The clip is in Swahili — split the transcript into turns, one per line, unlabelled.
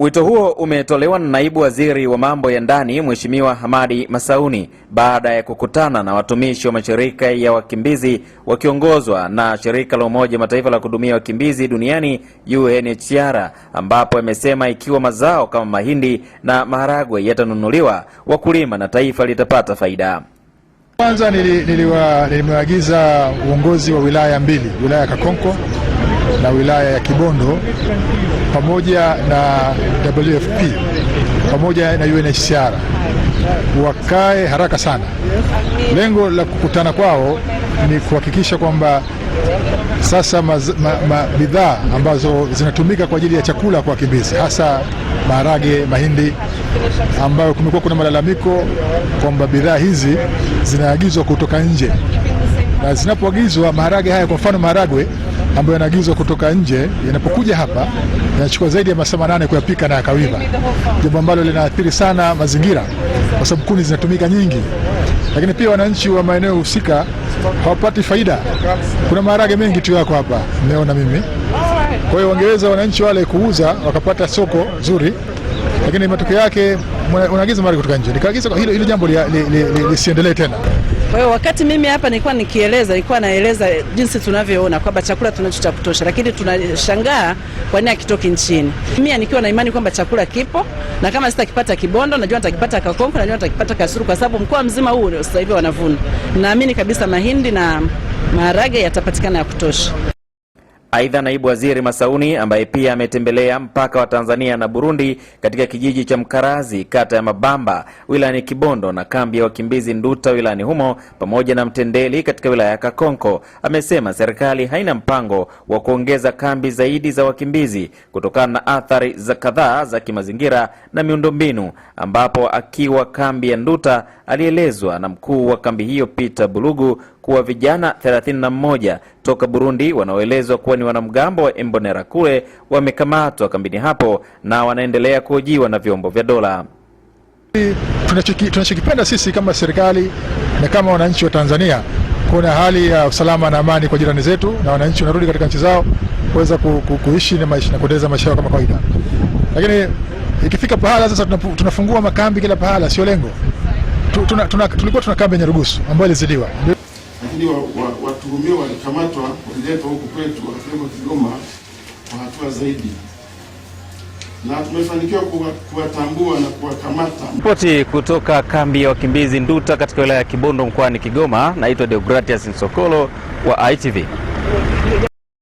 Wito huo umetolewa na naibu waziri wa mambo ya ndani Mheshimiwa Hamadi Masauni baada ya kukutana na watumishi wa mashirika ya wakimbizi wakiongozwa na shirika la Umoja Mataifa la kuhudumia wakimbizi duniani UNHCR, ambapo amesema ikiwa mazao kama mahindi na maharagwe yatanunuliwa, wakulima na taifa litapata faida.
Kwanza nilimwagiza uongozi wa wilaya mbili, wilaya ya Kakonko na wilaya ya Kibondo pamoja na WFP pamoja na UNHCR wakae haraka sana. Lengo la kukutana kwao ni kuhakikisha kwamba sasa bidhaa ambazo zinatumika kwa ajili ya chakula kwa wakimbizi hasa maharage, mahindi ambayo kumekuwa kuna malalamiko kwamba bidhaa hizi zinaagizwa kutoka nje na zinapoagizwa maharage haya, kwa mfano maharagwe ambayo yanaagizwa kutoka nje, yanapokuja hapa yanachukua zaidi ya masaa manane kuyapika na yakawiva, jambo ambalo linaathiri sana mazingira kwa sababu kuni zinatumika nyingi. Lakini pia wananchi wa maeneo husika hawapati faida. Kuna maharage mengi tu yako hapa, nimeona mimi. Kwa hiyo wangeweza wananchi wale kuuza wakapata soko zuri, lakini matokeo yake unaagiza maharage kutoka nje. Nikaagiza hilo, hilo jambo lisiendelee li, li, li, li, tena.
Kwa hiyo wakati mimi hapa nilikuwa nikieleza, nilikuwa naeleza jinsi tunavyoona kwamba chakula tunacho cha kutosha, lakini tunashangaa kwa nini hakitoki nchini. Mimi nikiwa na imani kwamba chakula kipo na kama sitakipata Kibondo, najua nitakipata Kakonko, najua nitakipata kasuru kwa sababu mkoa mzima huu sasa hivi wanavuna. Naamini kabisa mahindi na maharage yatapatikana ya kutosha.
Aidha, naibu waziri Masauni ambaye pia ametembelea mpaka wa Tanzania na Burundi katika kijiji cha Mkarazi kata ya Mabamba wilayani Kibondo na kambi ya wakimbizi Nduta wilayani humo pamoja na Mtendeli katika wilaya ya Kakonko amesema serikali haina mpango wa kuongeza kambi zaidi za wakimbizi kutokana na athari za kadhaa za kimazingira na miundombinu, ambapo akiwa kambi ya Nduta alielezwa na mkuu wa kambi hiyo Peter Bulugu kuwa vijana 31 toka Burundi wanaoelezwa kuwa ni wanamgambo wa Imbonerakure wamekamatwa kambini hapo na wanaendelea kuhojiwa na vyombo vya dola.
Tunachokipenda sisi kama serikali na kama wananchi wa Tanzania, kuna hali ya usalama na amani kwa jirani zetu, na wananchi wanarudi katika nchi zao kuweza ku, ku, kuishi na maisha na kuendeleza maisha yao kama kawaida. Lakini ikifika pahala sasa tunafungua makambi kila pahala, sio lengo. Tulikuwa tuna, tuna, tuna kambi ya Nyarugusu ambayo ilizidiwa
lakini watuhumiwa wa, wa walikamatwa waliletwa huku kwetu wakiwemo Kigoma kwa hatua zaidi na tumefanikiwa kuwatambua na kuwakamata.
Ripoti kutoka kambi ya wakimbizi Nduta katika wilaya ya Kibondo mkoani Kigoma. Naitwa Deogratias Nsokolo wa ITV.